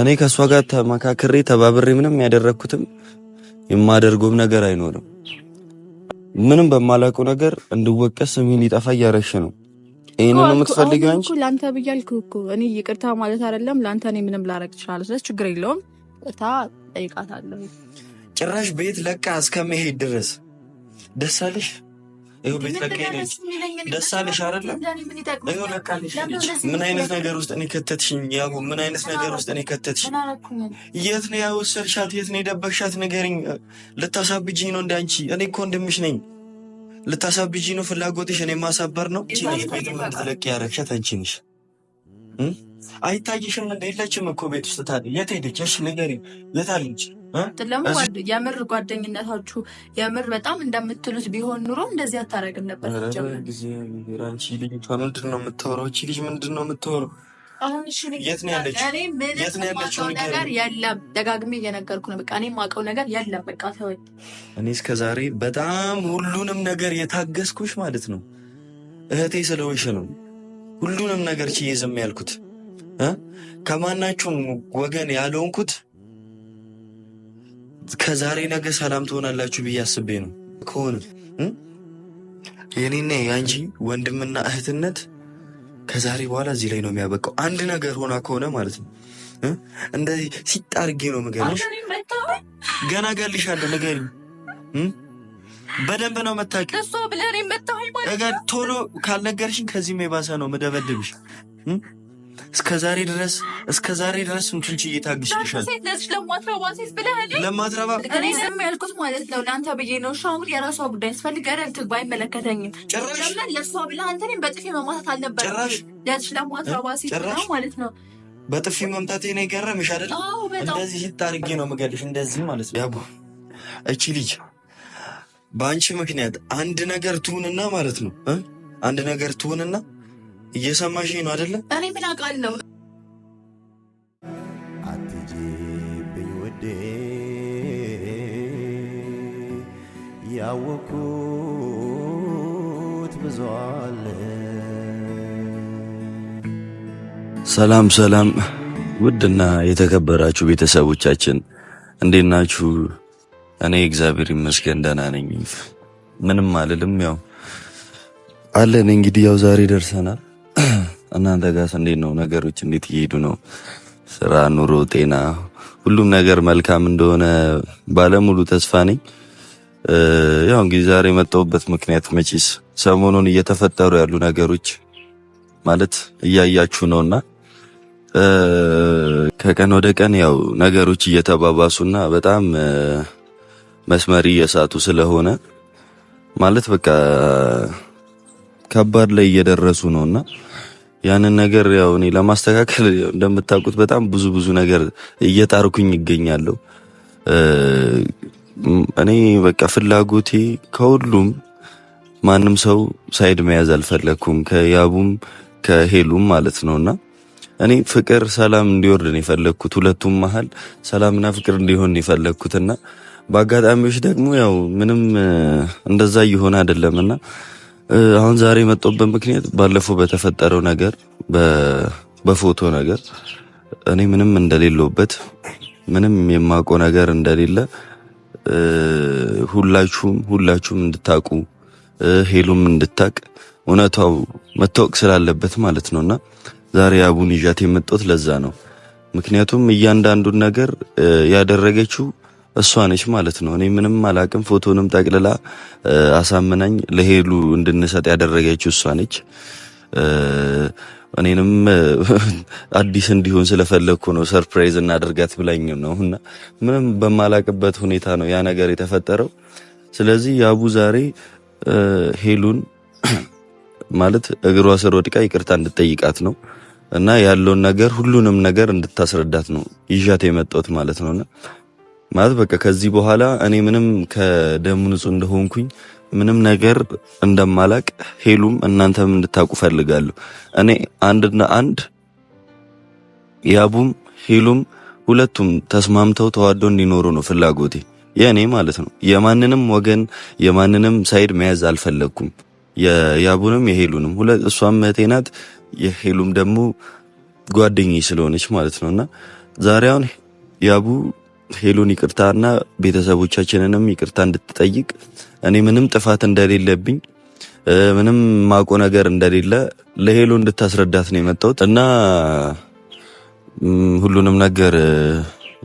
እኔ ከእሷ ጋር ተመካክሬ ተባብሬ ምንም ያደረግኩትም የማደርገውም ነገር አይኖርም። ምንም በማላውቀው ነገር እንድወቀስ ስሜን ሊጠፋ እያረግሽ ነው። ይህን ነው የምትፈልጊው አንቺ? ለአንተ ብዬ እኮ እኔ ይቅርታ ማለት አይደለም ለአንተ እኔ ምንም ላረግ ይችላል። ስለዚህ ችግር የለውም ቅርታ ጠይቃታለሁ። ጭራሽ ቤት ለቃ እስከመሄድ ድረስ ደስ አለሽ። ይኸውልሽ ለካ ሄደች። ደስ አለሽ አይደለም? ይኸውልህ ምን አይነት ነገር ውስጥ ነው ከተትሽኝ? ያው ምን አይነት ነገር ውስጥ ነው ከተትሽኝ? የት ነው ያወሰድሻት? የት ነው የደበቅሻት? ንገሪኝ። ልታሳብጂኝ ነው? እንደ አንቺ እኔ እኮ ወንድምሽ ነኝ። ልታሳብጂኝ ነው ፍላጎትሽ? እኔ ማሳበር ነው። ቤት ምን ተለቅ ያደረግሻት አንቺ ነሽ። አይታይሽም? የለችም እኮ ቤት ውስጥ ታዲያ። የት ሄደች? እሺ ንገሪኝ፣ የት አለች? ለምን የምር ጓደኝነታችሁ የምር በጣም እንደምትሉት ቢሆን ኑሮ እንደዚህ አታረግም ነበር። ጊዜራንቺ ልጅቷ ምንድን ነው የምታወራው? እቺ ልጅ ምንድን ነው የምታወራው? ነገር የለም። ደጋግሜ እየነገርኩ ነው። በቃ እኔ የማውቀው ነገር የለም። በቃ ተወኝ። እኔ እስከዛሬ በጣም ሁሉንም ነገር የታገስኩሽ ማለት ነው እህቴ ስለሆንሽ ነው ሁሉንም ነገር ችዬ ዝም ያልኩት ከማናችሁም ወገን ያልሆንኩት ከዛሬ ነገ ሰላም ትሆናላችሁ ብዬ አስቤ ነው። ከሆነ የኔና የአንቺ ወንድምና እህትነት ከዛሬ በኋላ እዚህ ላይ ነው የሚያበቃው። አንድ ነገር ሆና ከሆነ ማለት ነው። እንደዚህ ሲጣርጌ ነው ምገልሽ። ገና እገልሻለሁ። ነገር በደንብ ነው መታቂው። ቶሎ ካልነገርሽን ከዚህም የባሰ ነው ምደበድብሽ። እስከ ዛሬ ድረስ እስከ ዛሬ ድረስ እንችልች እየታግሽልሻል ለማትረባ እኔ ዝም ያልኩት ማለት ነው ለአንተ ብዬ ነው። እሺ አሁን የራሷ ጉዳይ ስፈልግ ገደል ትግባ፣ አይመለከተኝም። ጭራሽ ለእሷ ብላ አንተኔም በጥፊ መማታት አልነበረ አልነበረም ማለት ነው። በጥፊ መምታቴ ነው የገረምሽ አይደል? እንደዚህ ሲታርጌ ነው የምገልሽ፣ እንደዚህ ማለት ነው። ያቡ እቺ ልጅ በአንቺ ምክንያት አንድ ነገር ትሁንና ማለት ነው አንድ ነገር ትሁንና እየሰማሽ ነው አይደለ? እኔ ምን አውቃለሁ። አትጂብኝ ውዴ፣ ያወኩት ብዙ አለ። ሰላም ሰላም፣ ውድና የተከበራችሁ ቤተሰቦቻችን እንዴት ናችሁ? እኔ እግዚአብሔር ይመስገን ደህና ነኝ። ምንም አልልም። ያው አለን እንግዲህ ያው ዛሬ ደርሰናል። እናንተ ጋር እንዴት ነው ነገሮች? እንዴት እየሄዱ ነው? ስራ፣ ኑሮ፣ ጤና፣ ሁሉም ነገር መልካም እንደሆነ ባለሙሉ ተስፋ ነኝ። ያው እንግዲህ ዛሬ የመጣሁበት ምክንያት መቼስ ሰሞኑን እየተፈጠሩ ያሉ ነገሮች ማለት እያያችሁ ነውና ከቀን ወደ ቀን ያው ነገሮች እየተባባሱና በጣም መስመር እየሳቱ ስለሆነ ማለት በቃ ከባድ ላይ እየደረሱ ነውና ያንን ነገር ያው እኔ ለማስተካከል እንደምታውቁት በጣም ብዙ ብዙ ነገር እየጣርኩኝ ይገኛለሁ። እኔ በቃ ፍላጎቴ ከሁሉም ማንም ሰው ሳይድ መያዝ አልፈለኩም፣ ከያቡም ከሄሉም ማለት ነውና እኔ ፍቅር ሰላም እንዲወርድ ነው የፈለግኩት። ሁለቱም መሀል ሰላምና ፍቅር እንዲሆን ነው የፈለግኩትና በአጋጣሚዎች ደግሞ ያው ምንም እንደዛ እየሆነ አይደለምና አሁን ዛሬ የመጣሁበት ምክንያት ባለፈው በተፈጠረው ነገር በፎቶ ነገር እኔ ምንም እንደሌለውበት ምንም የማውቀው ነገር እንደሌለ ሁላችሁም ሁላችሁም እንድታቁ ሄሉም እንድታቅ እውነታው መታወቅ ስላለበት ማለት ነውና ዛሬ አቡን ይዣት የመጣሁት ለዛ ነው። ምክንያቱም እያንዳንዱን ነገር ያደረገችው እሷ ነች ማለት ነው። እኔ ምንም አላቅም። ፎቶንም ጠቅልላ አሳምናኝ ለሄሉ እንድንሰጥ ያደረገችው እሷ ነች። እኔንም አዲስ እንዲሆን ስለፈለግኩ ነው ሰርፕራይዝ እናደርጋት ብላኝ ነው እና ምንም በማላቅበት ሁኔታ ነው ያ ነገር የተፈጠረው። ስለዚህ የአቡ ዛሬ ሄሉን ማለት እግሯ ስር ወድቃ ይቅርታ እንድጠይቃት ነው እና ያለውን ነገር ሁሉንም ነገር እንድታስረዳት ነው ይዣት የመጣሁት ማለት ነውና ማለት በቃ ከዚህ በኋላ እኔ ምንም ከደም ንጹህ እንደሆንኩኝ ምንም ነገር እንደማላቅ ሄሉም እናንተም እንድታውቁ ፈልጋለሁ። እኔ አንድና አንድ ያቡም ሄሉም ሁለቱም ተስማምተው ተዋደው እንዲኖሩ ነው ፍላጎቴ፣ የእኔ ማለት ነው። የማንንም ወገን የማንንም ሳይድ መያዝ አልፈለግኩም። የያቡንም የሄሉንም እሷም እህቴ ናት፣ የሄሉም ደግሞ ጓደኛዬ ስለሆነች ማለት ነውና ዛሬ አሁን ያቡ ሄሉን ይቅርታና ቤተሰቦቻችንንም ይቅርታ እንድትጠይቅ እኔ ምንም ጥፋት እንደሌለብኝ ምንም ማቆ ነገር እንደሌለ ለሄሉ እንድታስረዳት ነው የመጣሁት እና ሁሉንም ነገር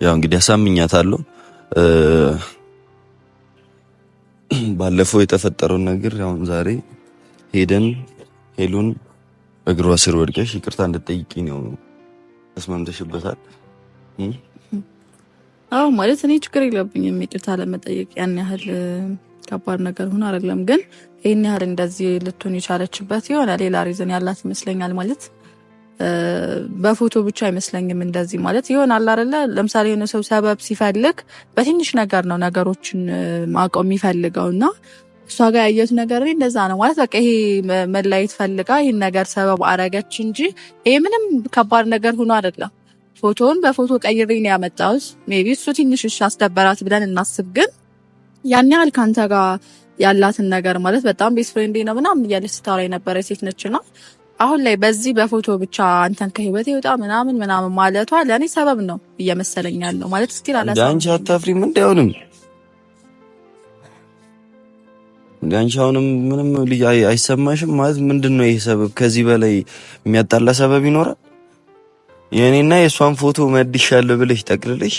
ያው እንግዲህ አሳምኛታለሁ። ባለፈው የተፈጠረውን ነገር አሁን ዛሬ ሄደን ሄሉን እግሯ ስር ወድቀሽ ይቅርታ እንድትጠይቂ ነው። ተስማምተሽበታል? አዎ ማለት እኔ ችግር የለብኝም ይቅርታ ለመጠየቅ ያን ያህል ከባድ ነገር ሆኖ አይደለም። ግን ይህን ያህል እንደዚህ ልትሆን የቻለችበት የሆነ ሌላ ሪዝን ያላት ይመስለኛል። ማለት በፎቶ ብቻ አይመስለኝም። እንደዚህ ማለት የሆነ አለ አይደለ፣ ለምሳሌ የሆነ ሰው ሰበብ ሲፈልግ በትንሽ ነገር ነው ነገሮችን ማቆም የሚፈልገው እና እሷ ጋር ያየሁት ነገር እኔ እንደዛ ነው ማለት በቃ ይሄ መለያየት ፈልጋ ይህን ነገር ሰበብ አረገች እንጂ ይሄ ምንም ከባድ ነገር ሆኖ አይደለም። ፎቶውን በፎቶ ቀይሬ ነው ያመጣሁት። ሜቢ እሱ ትንሽ እሺ አስደበራት ብለን እናስብ። ግን ያን ያህል ከአንተ ጋር ያላትን ነገር ማለት በጣም ቤስት ፍሬንድ ነው ምናምን እያለች ስታወራ የነበረ ሴት ነች። ና አሁን ላይ በዚህ በፎቶ ብቻ አንተን ከህይወት ይወጣ ምናምን ምናምን ማለቷ ለእኔ ሰበብ ነው እየመሰለኝ ያለው ማለት እስኪ ላላሳ አንቺ አታፍሪም? እንደ አሁንም አንቺ አሁንም ምንም ልጅ አይሰማሽም ማለት ምንድን ነው ይህ ሰበብ? ከዚህ በላይ የሚያጣላ ሰበብ ይኖራል? የእኔና የእሷን ፎቶ መድሻለሁ ብለሽ ጠቅልለሽ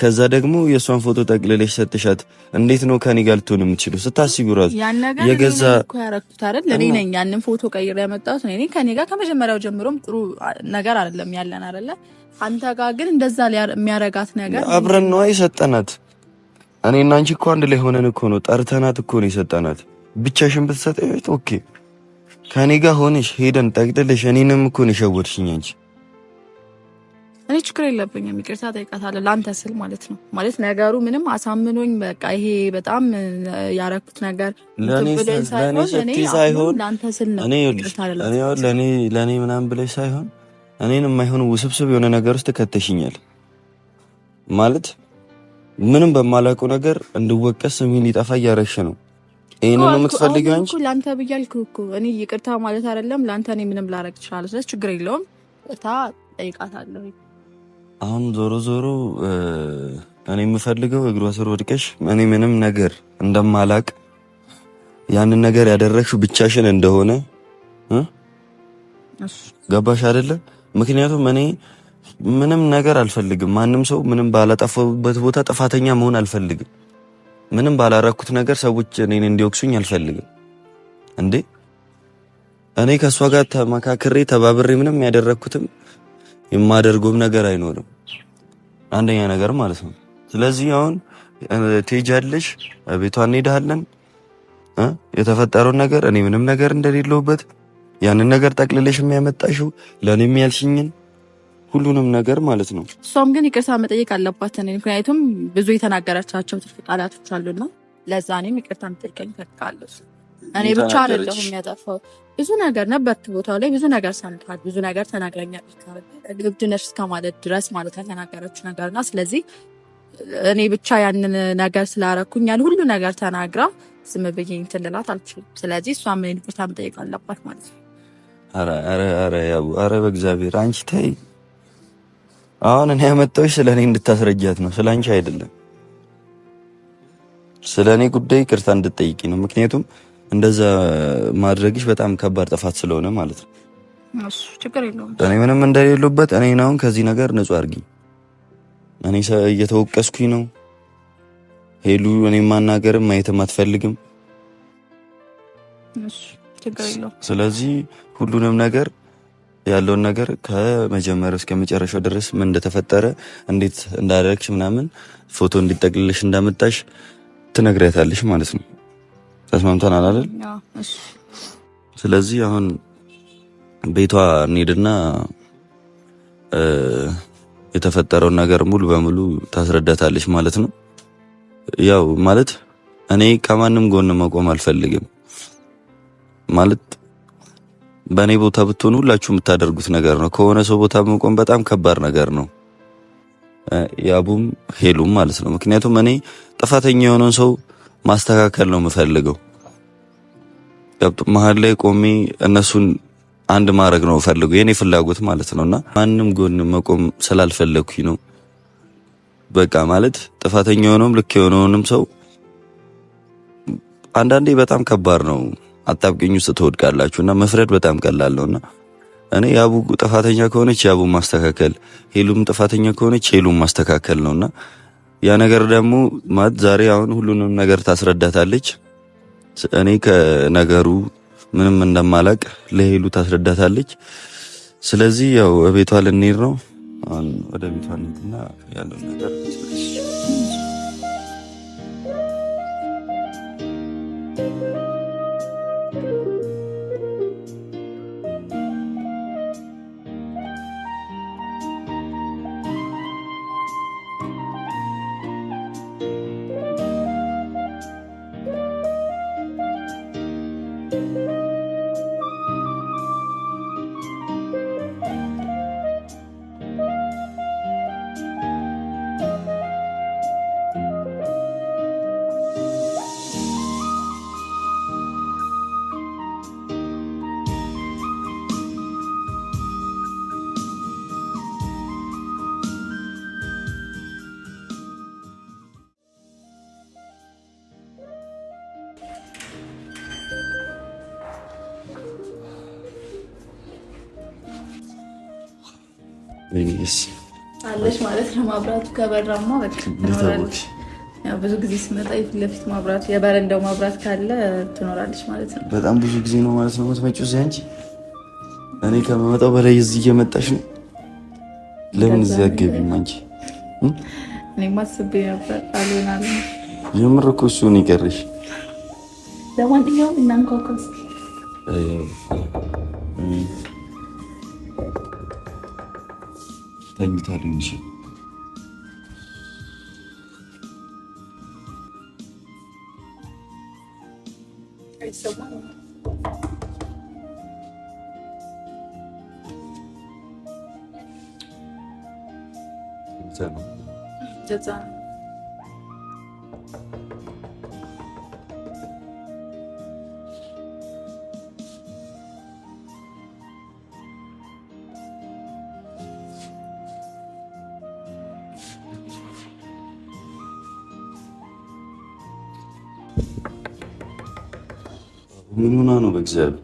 ከዛ ደግሞ የእሷን ፎቶ ጠቅልለሽ ሰጥሻት፣ እንዴት ነው ከኔ ጋር ልትሆን የምትችሉ? ስታስቡ ራሱ የገዛ ያረኩት አይደል? ለኔ ነኝ ያንን ፎቶ ቀይሬ ያመጣሁት እኔ። ከኔ ጋር ከመጀመሪያው ጀምሮም ጥሩ ነገር አይደለም ያለን አይደለ? አንተ ጋር ግን እንደዛ የሚያረጋት ነገር አብረን ነው የሰጠናት። እኔ እና አንቺ እኮ አንድ ላይ ሆነን እኮ ነው ጠርተናት እኮ ነው የሰጠናት። ብቻሽን ብትሰጠ ኦኬ። ከኔ ጋር ሆነሽ ሄደን ጠቅጥልሽ፣ እኔንም እኮ ነው የሸወድሽኝ አንቺ እኔ ችግር የለብኝም፣ ይቅርታ ጠይቃታለሁ ለአንተ ስል ማለት ነው። ማለት ነገሩ ምንም አሳምኖኝ በቃ ይሄ በጣም ያረኩት ነገር ለእኔ ምናምን ብለሽ ሳይሆን እኔን የማይሆን ውስብስብ የሆነ ነገር ውስጥ ከተሽኛል ማለት ምንም በማላውቀው ነገር እንድወቀስ ስሜን ሊጠፋ እያረሽ ነው። ይህንን የምትፈልጊው አንቺ ለአንተ ብዬ እኮ እኔ ይቅርታ ማለት አይደለም ለአንተ እኔ ምንም ላረግ እችላለሁ። ስለዚህ ችግር የለውም ይቅርታ ጠይቃታለሁ። አሁን ዞሮ ዞሮ እኔ የምፈልገው እግሯ ስር ወድቀሽ እኔ ምንም ነገር እንደማላቅ ያንን ነገር ያደረግሽው ብቻሽን እንደሆነ ገባሽ አይደለ? ምክንያቱም እኔ ምንም ነገር አልፈልግም። ማንም ሰው ምንም ባላጠፋበት ቦታ ጥፋተኛ መሆን አልፈልግም። ምንም ባላረኩት ነገር ሰዎች እኔን እንዲወቅሱኝ አልፈልግም። እንዴ እኔ ከእሷ ጋር ተመካክሬ ተባብሬ ምንም ያደረግኩትም የማደርገውም ነገር አይኖርም። አንደኛ ነገር ማለት ነው። ስለዚህ አሁን ትሄጃለሽ፣ ቤቷ እንሄዳለን። የተፈጠረውን ነገር እኔ ምንም ነገር እንደሌለውበት ያንን ነገር ጠቅልለሽ የሚያመጣሽው ለእኔም ያልሽኝን ሁሉንም ነገር ማለት ነው። እሷም ግን ይቅርታ መጠየቅ አለባት። ምክንያቱም ብዙ የተናገረቻቸው ትርፍ ቃላቶች አሉና ለዛ እኔም ይቅርታ መጠየቅ እፈልጋለሁ። እኔ ብቻ አይደለሁም የሚያጠፋው ብዙ ነገር ነበርት ቦታው ላይ ብዙ ነገር ሰምታል ብዙ ነገር ተናግረኛ ግብድ ነሽ እስከማለት ድረስ ማለት ነገር ነገርና ስለዚህ እኔ ብቻ ያንን ነገር ስላረኩኝ ያለ ሁሉ ነገር ተናግራ ዝም ብዬ እንትን ልላት አልችልም። ስለዚህ እሷ ምን ይቅርታ መጠየቅ አለባት ማለት ነው። በእግዚአብሔር አንቺ ተይ። አሁን እኔ ያመጣሁሽ ስለ እኔ እንድታስረጃት ነው፣ ስለ አንቺ አይደለም። ስለ እኔ ጉዳይ ቅርታ እንድጠይቂ ነው። ምክንያቱም እንደዛ ማድረግሽ በጣም ከባድ ጥፋት ስለሆነ ማለት ነው። ችግር የለውም። እኔ ምንም እንደሌሉበት እኔ አሁን ከዚህ ነገር ንጹህ አድርጊኝ። እኔ እየተወቀስኩኝ ነው ሄሉ። እኔ ማናገርም ማየትም አትፈልግም። ስለዚህ ሁሉንም ነገር ያለውን ነገር ከመጀመር እስከ መጨረሻው ድረስ ምን እንደተፈጠረ እንዴት እንዳደረግሽ ምናምን ፎቶ እንዲጠቅልልሽ እንዳመጣሽ ትነግሪያታለሽ ማለት ነው። ተስማምተናል አይደል? ስለዚህ አሁን ቤቷ እንሂድና የተፈጠረውን ነገር ሙሉ በሙሉ ታስረዳታለች ማለት ነው። ያው ማለት እኔ ከማንም ጎን መቆም አልፈልግም ማለት በእኔ ቦታ ብትሆኑ ሁላችሁ የምታደርጉት ነገር ነው። ከሆነ ሰው ቦታ መቆም በጣም ከባድ ነገር ነው። ያቡም ሄሉም ማለት ነው። ምክንያቱም እኔ ጥፋተኛ የሆነውን ሰው ማስተካከል ነው የምፈልገው። መሀል ላይ ቆሜ እነሱን አንድ ማድረግ ነው ፈልገው የኔ ፍላጎት ማለት ነውና ማንም ጎን መቆም ስላልፈለግኩኝ ነው። በቃ ማለት ጥፋተኛ የሆነውም ልክ የሆነውንም ሰው አንዳንዴ በጣም ከባድ ነው። አጣብቂኝ ውስጥ ትወድቃላችሁ እና መፍረድ በጣም ቀላል ነውና እኔ ያቡ ጥፋተኛ ከሆነች ያቡ ማስተካከል፣ ሄሉም ጥፋተኛ ከሆነች ሄሉም ማስተካከል ነውና ያ ነገር ደግሞ ማለት ዛሬ አሁን ሁሉንም ነገር ታስረዳታለች። እኔ ከነገሩ ምንም እንደማላቅ ለሄሉ ታስረዳታለች። ስለዚህ ያው ቤቷ ልንሄድ ነው። አሁን ወደ ቤቷ እንሂድና ያለው ነገር ስለዚህ አለሽ ማለት ነው። ማብራቱ ከበራማ ብዙ ጊዜ ስመጣ የፊት ለፊት ማብራቱ የበረንዳው ማብራት ካለ ትኖራለች ማለት ነው። በጣም ብዙ ጊዜ ነው ማለት ነው የምትመጪው እዚህ አንቺ። እኔ ከመመጣው በላይ እዚህ እየመጣሽ ነው። ለምን እዚህ አትገቢም አንቺ? እኔ አስቤ ነበር አልሆናል። የምር እኮ እሱ ነው የቀረሽ። ለማንኛውም እናንኳኳስ 你在里面。哎，小梦。你在吗？在在。ምን ሆና ነው? በእግዚአብሔር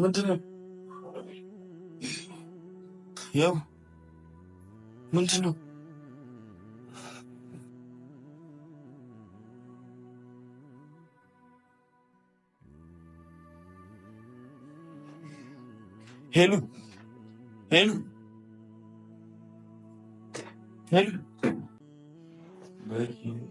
ምንድን ነው ያው ምንድን ነው Hello. Hello. Hello. Breaking.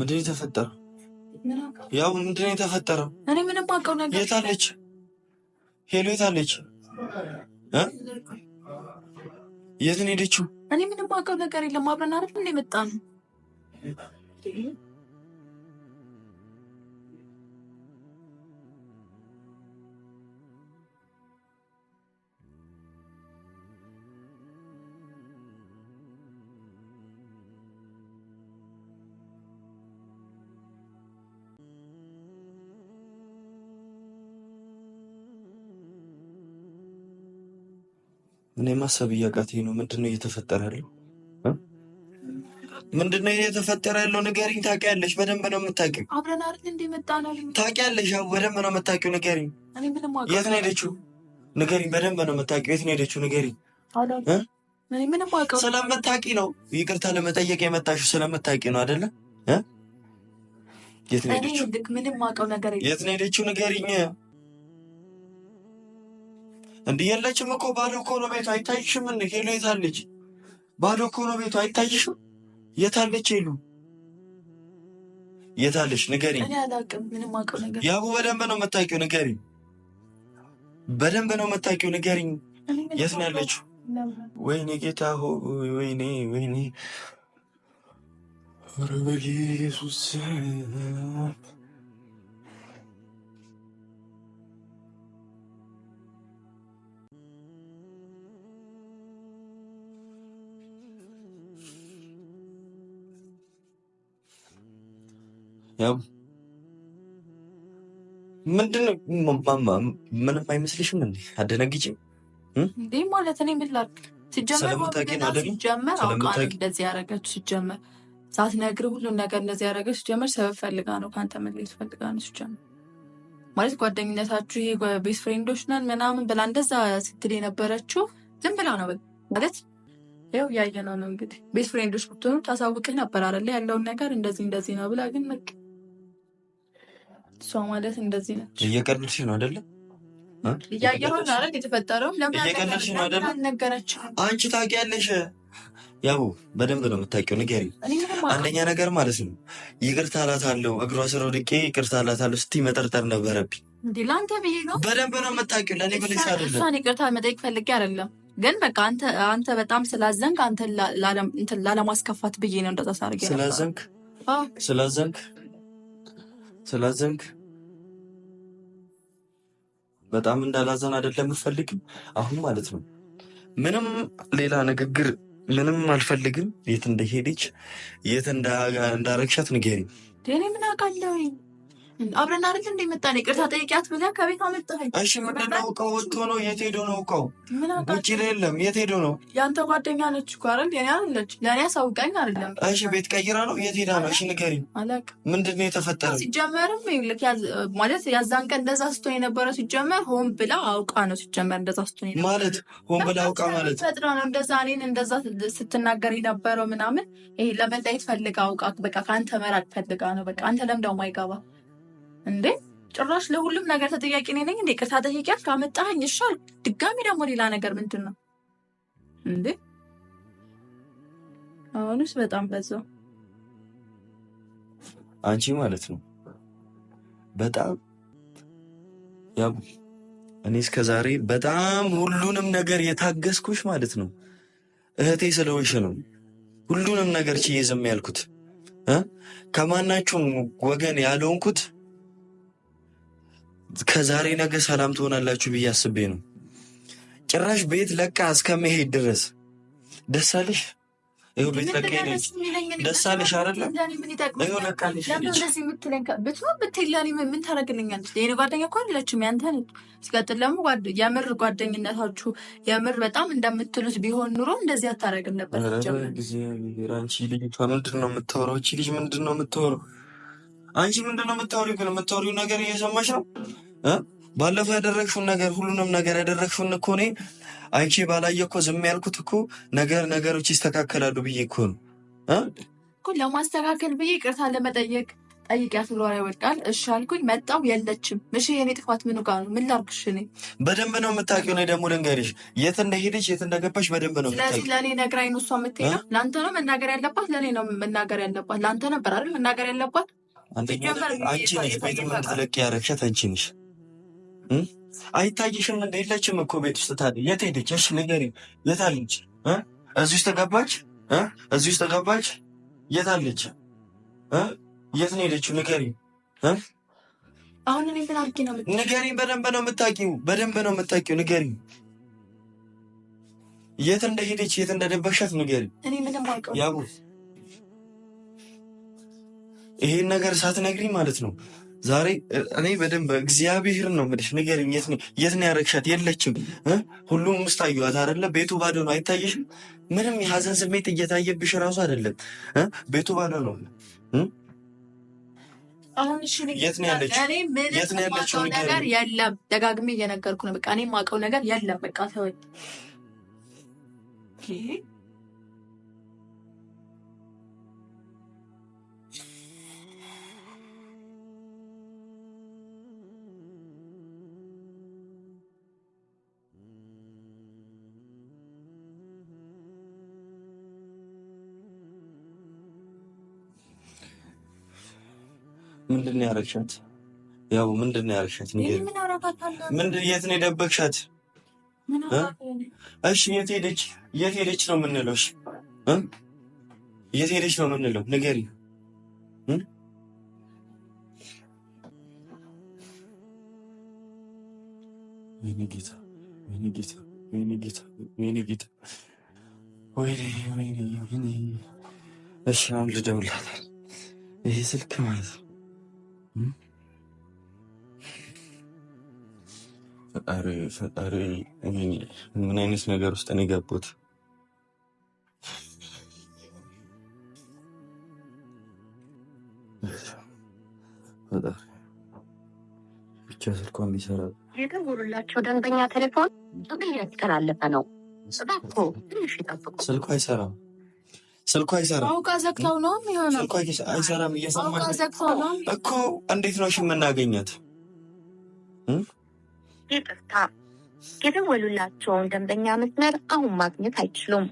ምንድን ነው የተፈጠረው? ያው ምንድን ነው የተፈጠረው? እኔ ምንም አውቀው ነገር የት አለች ሄሎ? የት አለች? የትን ሄደችው? እኔ ምንም አውቀው ነገር የለም። አብረን አይደል እንደ መጣ ነው እኔ ማሰብ እያቃተኝ ነው። ምንድነው እየተፈጠረ ያለው? ምንድነው እየተፈጠረ ያለው? ንገሪኝ። ታውቂያለሽ፣ በደንብ ነው የምታውቂው። አብረን አይደል እንደ መጣ ነው። ታውቂያለሽ፣ ያው በደንብ ነው የምታውቂው። ንገሪኝ። የት ነው ሄደችው? ንገሪኝ። በደንብ ነው የምታውቂው። የት ነው ሄደችው? ንገሪኝ። ስለምታውቂ ነው ይቅርታ ለመጠየቅ የመጣሽው። ስለምታውቂ ነው አይደለ? የት ነው ሄደችው? ምንም ነገር የት ነው ንገሪኝ። እንዲህ የለችም እኮ ባዶ እኮ ነው ቤቱ አይታይሽም። እን ሄሎ የታለች? ባዶ እኮ ነው ቤቱ አይታይሽም። የታለች ሄሉ የታለች? ንገሪኝ። ያቡ በደንብ ነው የምታውቂው፣ ንገሪኝ። በደንብ ነው የምታውቂው፣ ንገሪኝ። የት ነው ያለችው? ወይኔ ጌታ ሆይ ወይኔ ወይኔ፣ ኧረ በኢየሱስ ምንድን ምንም አይመስልሽም እንዴ? አደነግጭም እንዴ? ማለት እኔ ምን ላድርግ? ሲጀመር አውቃ እንደዚህ ያደረገች ሲጀመር ሳትነግርህ ሁሉን ነገር እንደዚህ ያደረገች ሲጀመር ሰበብ ፈልጋ ነው፣ ከአንተ መለየት ፈልጋ ነው። ሲጀመር ማለት ጓደኝነታችሁ ይሄ ቤስት ፍሬንዶች ነን ምናምን ብላ እንደዛ ስትል የነበረችው ዝም ብላ ነው ማለት ያው ያየነው ነው እንግዲህ ቤስት ፍሬንዶች ብትሆኑ ታሳውቅህ ነበር አይደለ? ያለውን ነገር እንደዚህ እንደዚህ ነው ብላ ግን እሷ ማለት እንደዚህ ነች። እየቀለድሽ ነው አይደለም? እያየሁህ የተፈጠረውም ለምን እየቀለድሽ ነው አይደለም? አልነገረችም። አንቺ ታውቂያለሽ። ያቡ በደንብ ነው የምታውቂው። ንገሪኝ። አንደኛ ነገር ማለት ነው ይቅርታ እላታለሁ፣ እግሯ ስር ወድቄ ይቅርታ እላታለሁ ስትይ መጠርጠር ነበረብኝ። እንዴ ለአንተ ብዬ ነው። በደንብ ነው የምታውቂው። ለእኔ ብልሽ አይደለም። እሷን ይቅርታ መጠየቅ ፈልጌ አይደለም ግን በቃ አንተ በጣም ስላዘንክ አንተ ላለማስከፋት ብዬ ነው እንደዛ ሳርጌ ስላዘንክ ስላዘንክ ስላዘንክ በጣም እንዳላዘን አይደለም የምፈልግም አሁን ማለት ነው። ምንም ሌላ ንግግር ምንም አልፈልግም። የት እንደሄደች የት እንዳረግሻት ንገሪኝ። እኔ ምን አውቃለሁ? አብረን አይደል እንደ መጣን ይቅርታ ጠይቂያት ብለህ ከቤት አመጣኸኝ። እሺ ምንድን ነው እቃው? ወጥቶ ነው የት ሄዶ ነው እቃው? ውጭ ላይ የለም። የት ሄዶ ነው? ያንተ ጓደኛ ነች እኮ አይደል? የኔ አይደለች። ለእኔ አሳውቀኝ አይደለም። እሺ ቤት ቀይራ ነው? የት ሄዳ ነው? እሺ ንገሪኝ። ምንድን ነው የተፈጠረ? ሲጀመርም ይኸውልህ ማለት ያዛን ቀን እንደዛ ስትሆን የነበረው ሲጀመር ሆን ብላ አውቃ ነው። ሲጀመር እንደዛ ስትሆን ማለት ሆን ብላ አውቃ ማለት ፈጥራ ነው እንደዛ እኔን እንደዛ ስትናገር የነበረው ምናምን ይሄ ለመለየት ፈልጋ አውቃ በቃ ከአንተ መራቅ ፈልጋ ነው። በቃ አንተ ለምደው ማይገባ እንዴ ጭራሽ ለሁሉም ነገር ተጠያቂ እኔ ነኝ እንዴ? ቅርታ ጠይቂያል ካመጣኸኝ ይሻል። ድጋሚ ደግሞ ሌላ ነገር ምንድን ነው እንዴ? አሁንስ በጣም በዛው። አንቺ ማለት ነው በጣም ያው እኔ እስከ ዛሬ በጣም ሁሉንም ነገር የታገስኩሽ ማለት ነው እህቴ ስለሆንሽ ነው ሁሉንም ነገር ችዬ ዝም ያልኩት ከማናችሁም ወገን ያልሆንኩት ከዛሬ ነገ ሰላም ትሆናላችሁ ብዬ አስቤ ነው። ጭራሽ ቤት ለቃ እስከመሄድ ድረስ ደሳለሽ ይኸው ቤት ምን ታደርግልኛለች? የእኔ ጓደኛ እኮ አይደለችም ያንተ ሲቀጥል ደግሞ የምር ጓደኝነታችሁ የምር በጣም እንደምትሉት ቢሆን ኑሮ እንደዚህ አታደርግም ነበር። አንቺ ልጅቷ ምንድን ነው የምታወራው? ልጅ ምንድን ነው የምታወራው? አንቺ ምንድን ነው የምታወሪው? ግን የምታወሪው ነገር እየሰማሽ ነው ባለፈው ያደረግሽውን ነገር ሁሉንም ነገር ያደረግሽውን እኮ እኔ አይቼ ባላየ እኮ ዝም ያልኩት እኮ ነገር ነገሮች ይስተካከላሉ ብዬ እኮ ነው ለማስተካከል ብዬ ቅርታ ለመጠየቅ ጠይቂያት ብሎ ይወድቃል። እሺ አልኩኝ፣ መጣው የለችም። ምሽ የኔ ጥፋት ምኑ ጋር ነው? ምን ላድርግሽ? እኔ በደንብ ነው የምታውቂው። እኔ ደግሞ ልንገርሽ፣ የት እንደሄደች የት እንደገባች በደንብ ነው። ስለዚህ ለእኔ ነግራኝ ነው እሷ የምትሄደው። ለአንተ ነው መናገር ያለባት፣ ለእኔ ነው መናገር ያለባት። ለአንተ ነበር አይደል መናገር ያለባት። አንቺ ነሽ ቤት የምትለቅ ያረግሻት አንቺ ነሽ አይታይሽም? እንደ የለችም እኮ ቤት ውስጥ። ታዲያ የት ሄደች? እሺ ንገሪኝ፣ የት አለች? እዚህ ውስጥ ገባች? እዚህ ውስጥ ገባች? የት አለች? የት ነው ሄደችው? ንገሪኝ። አሁን እኔ ምን አድርጌ ነው? ንገሪኝ። በደንብ ነው የምታውቂው፣ በደንብ ነው የምታውቂው። ንገሪኝ፣ የት እንደሄደች፣ የት እንደደበሻት ንገሪኝ። እኔ ምንም አውቀው ያቡ፣ ይሄን ነገር ሳትነግሪኝ ማለት ነው ዛሬ እኔ በደንብ እግዚአብሔር ነው የምልሽ። ንገሪኝ፣ የት ነው የት ነው ያረግሻት? የለችም። ሁሉም ውስጥ አየኋት አይደለ? ቤቱ ባዶ ነው። አይታየሽም? ምንም የሀዘን ስሜት እየታየብሽ ራሱ አይደለም። ቤቱ ባዶ ነው። የት ነው ያለችው? ነገር የለም። ደጋግሜ እየነገርኩ ነው። በቃ እኔ የማውቀው ነገር የለም። በቃ ተወኝ። ምንድን ነው ያደረግሻት? ያው ምንድን ነው ምንድን የት ነው የደበቅሻት? እሺ የት ሄደች? የት ሄደች ነው የምንለው? የት ሄደች ነው የምንለው? ንገሪ። ወይኔ ጌታ፣ ወይኔ ጌታ፣ ወይኔ ጌታ፣ ወይኔ ጌታ፣ ወይኔ ወይኔ እሺ ይሄ ስልክ ማለት ነው ፈጣሪ ፈጣሪ ምን አይነት ነገር ውስጥ ነው የገቡት? ብቻ ስልኳ የሚሰራ የደወሉላቸው ደንበኛ ቴሌፎን ጥሪ እያስተላለፈ ነው። ስልኳ አይሰራም። ስልኳ አይሰራም። አውቃ ነው የሚሆነው። አይሰራም። እኮ እንዴት ነው እሺ የምናገኛት? ይቅርታ የደወሉላቸውን ደንበኛ መስመር አሁን ማግኘት አይችሉም።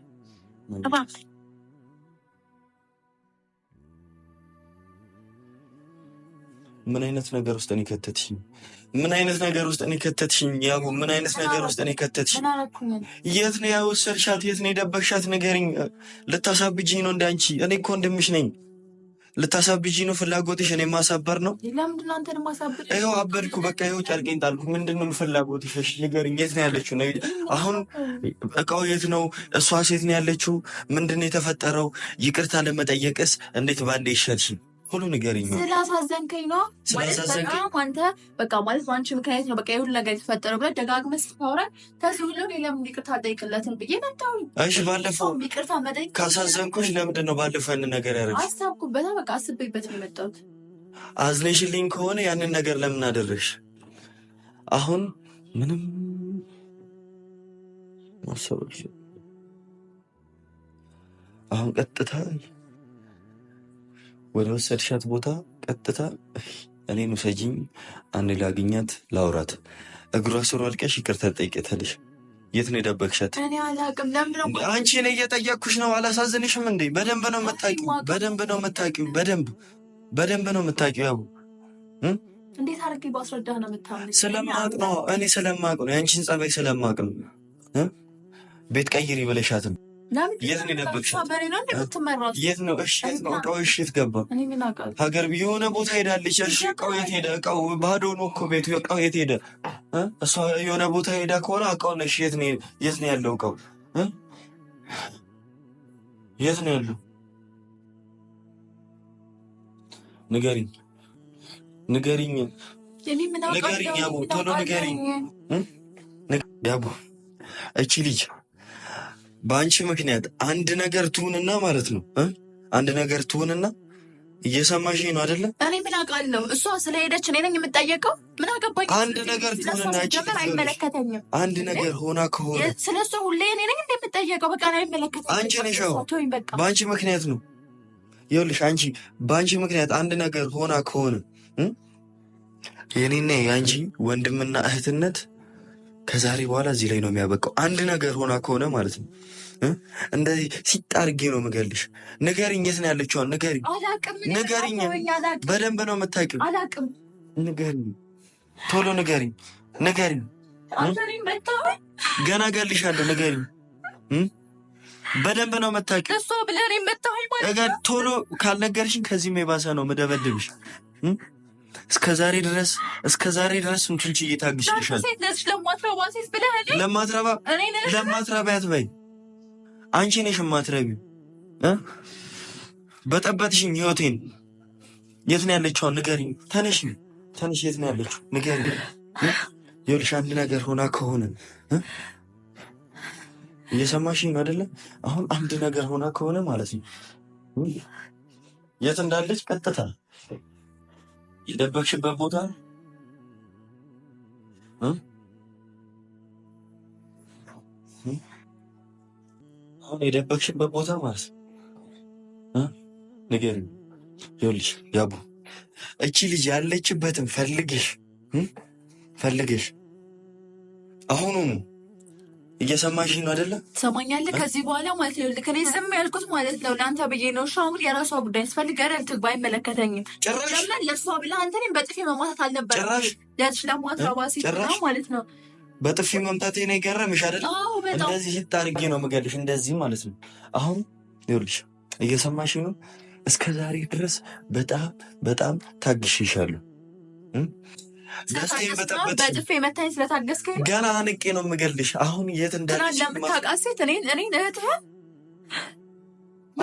ምን አይነት ነገር ውስጥ ነው የከተትሽኝ? ምን አይነት ነገር ውስጥ ነው ከተትሽኝ? ያው ምን አይነት ነገር ውስጥ ነው ከተትሽኝ? የት ነው ያወሰድሻት? የት ነው የደበቅሻት? ንገሪኝ። ልታሳብጅኝ ነው? እንዳንቺ እኔ እኮ ወንድምሽ ነኝ። ልታሳብጅኝ ነው ፍላጎትሽ? እኔ ማሳበር ነው? ይኸው አበድኩ፣ በቃ ይኸው ጨርቄን ጣልኩ። ምንድን ነው ፍላጎትሽ? ንገሪኝ። የት ነው ያለችው? አሁን እቃው የት ነው? እሷ ሴት ነው ያለችው? ምንድን ነው የተፈጠረው? ይቅርታ ለመጠየቅስ እንዴት ባንዴ ይሸልሽኝ? ሁሉ ንገሪኝ። ስላሳዘንከኝ ነው በጣም አንተ በቃ ማለት በአንቺ ምክንያት ነው በቃ የሁሉ ነገር የተፈጠረው ብለህ ደጋግመህ ስታወራን ከዚህ ሁሉ ሌላም ይቅርታ ጠይቅለትን ብዬ መጣሁ። እሺ ባለፈው ይቅርታ መጠየቅ ካሳዘንኩሽ ለምንድን ነው ባለፈው ያንን ነገር ያደረግሽ? አሰብኩበት፣ በቃ አስቤበት ነው የመጣሁት። አዝነሽልኝ ከሆነ ያንን ነገር ለምን አደረግሽ? አሁን ምንም ማሰብ አሁን ቀጥታ ወደ ወሰድሻት ቦታ ቀጥታ እኔን ውሰጂኝ፣ አንድ ላግኛት፣ ላውራት። እግሯ ስር ወድቀሽ ይቅርታ ትጠይቂያታለሽ። የት ነው የደበቅሻት? አንቺ እኔ እየጠየቅኩሽ ነው። አላሳዝንሽም እንዴ? በደንብ ነው የምታውቂው፣ በደንብ ነው የምታውቂው፣ በደንብ በደንብ ነው የምታውቂው። ያቡ እንዴት አድርጌ ባስረዳ ነው የምታምነኝ? ስለማቅ ነው እኔ ስለማቅ ነው የአንቺን ጸባይ ስለማቅ ነው። ቤት ቀይሪ ብለሻትም የት ነው የደበቅሻት? የት ነው? እሸት ነው እቃው፣ እሸት ገባ ሀገር የሆነ ቦታ ሄዳለች። እሺ እቃው የት ሄደ? እቃው ባዶ ነው እኮ ቤቱ። እቃው የት ሄደ? እሷ የሆነ ቦታ ሄዳ ከሆነ እቃውን እሺ፣ የት ነው ያለው? እቃው የት ነው ያለው? ንገሪኝ፣ ንገሪኝ፣ ንገሪኝ ያቡ፣ ቶሎ ንገሪኝ ያቡ። እቺ ልጅ በአንቺ ምክንያት አንድ ነገር ትሁንና ማለት ነው። አንድ ነገር ትሁንና እየሰማሽኝ ነው አደለ? እኔ ምን አውቃለሁ? እሷ ስለሄደች እኔ ነኝ የምጠየቀው? ምን አገባኝ? አንድ ነገር ትሆንና አይመለከተኝም። አንድ ነገር ሆና ከሆነ ስለ እሷ ሁሌ እኔ ነኝ እንደምጠየቀው። በቃ አይመለከተኝም። አንቺ ነሽ በአንቺ ምክንያት ነው። ይኸውልሽ አንቺ በአንቺ ምክንያት አንድ ነገር ሆና ከሆነ የኔና የአንቺ ወንድምና እህትነት ከዛሬ በኋላ እዚህ ላይ ነው የሚያበቃው። አንድ ነገር ሆና ከሆነ ማለት ነው እንደዚህ ሲጣርጌ ነው ምገልሽ። ንገሪኝ፣ የት ነው ያለችው? ንገሪኝ፣ ንገሪኝ። በደንብ ነው የምታውቂው። ንገሪኝ፣ ቶሎ ንገሪኝ፣ ንገሪኝ። ገና እገልሻለሁ። ንገሪኝ፣ በደንብ ነው የምታውቂው። ቶሎ ካልነገርሽን ከዚህም የባሰ ነው የምደበድብሽ። እስከ ዛሬ ድረስ እስከ ዛሬ ድረስ እንችልች እየታግሽልሻል። ለማትረባ ለማትረባ ያትበይ አንቺ ነሽ ማትረቢ በጠበጥሽኝ ህይወቴን። የት ነው ያለችው? ንገሪኝ። ተነሽ ተነሽ። የት ነው ያለችው? ንገሪኝ። ይኸውልሽ አንድ ነገር ሆና ከሆነ እየሰማሽኝ አይደለም? አሁን አንድ ነገር ሆና ከሆነ ማለት ነው የት እንዳለች ቀጥታ የደበቅሽበት ቦታ አሁን የደበቅሽበት ቦታ ማለት ንገር። ይኸውልሽ ያቡ እቺ ልጅ ያለችበትን ፈልግሽ ፈልግሽ አሁኑኑ እየሰማሽ ነው አይደለ? ትሰማኛለህ? ከዚህ በኋላ ማለት ነው ልክ እኔ ዝም ያልኩት ማለት ነው ለአንተ ብዬ ነው። እሺ አሁን የራሷ ጉዳይ ስፈልግ ገደል ትግባ፣ አይመለከተኝም። ጭራሽ ለእሷ ብላ አንተ እኔን በጥፊ መማታት አልነበረም። ጭራሽ ለማትረባ ሴት ማለት ነው በጥፊ መምታት ነው የገረምሽ አደለ? እንደዚህ ሲታርጌ ነው የምገልሽ፣ እንደዚህ ማለት ነው። አሁን ይኸውልሽ፣ እየሰማሽ ነው። እስከ ዛሬ ድረስ በጣም በጣም ታግሼሻለሁ ደስቴን በጠበት በጥፌ መታኝ ስለታገስከኝ ገና አንቄ ነው የምገልሽ። አሁን የት እንዳለች ለምታውቃት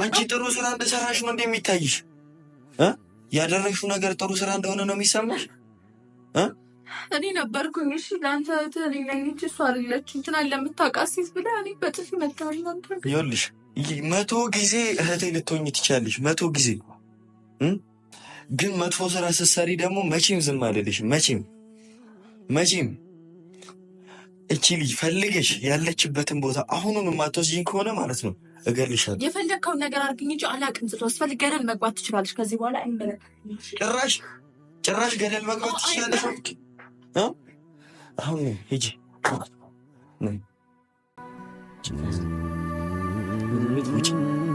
አንቺ ጥሩ ስራ እንደሰራሽ ነው እንደሚታይሽ ያደረግሽው ነገር ጥሩ ስራ እንደሆነ ነው የሚሰማሽ። እኔ ነበርኩኝ። እሺ ለአንተ እኔ ነኝ እንጂ እሷ አይደለችም። እንትና ለምታውቃት ሴት ብለህ እኔ በጥፊ መታኝ። ይኸውልሽ መቶ ጊዜ እህቴ ልትሆኝ ትችላለሽ። መቶ ጊዜ ግን መጥፎ ስራ ስትሰሪ ደግሞ መቼም ዝም አልልሽም። መቼም መቼም እቺ ልጅ ፈልገሽ ያለችበትን ቦታ አሁኑን የማትወስጂኝ ከሆነ ማለት ነው እገልሻለሁ። የፈለግከውን ነገር አድርግኝ እንጂ አላቅም። ስትወስፈልግ ገደል መግባት ትችላለች። ከዚህ በኋላ ጭራሽ ጭራሽ ገደል መግባት ትችላለች። አሁን ሂጂ ውጭ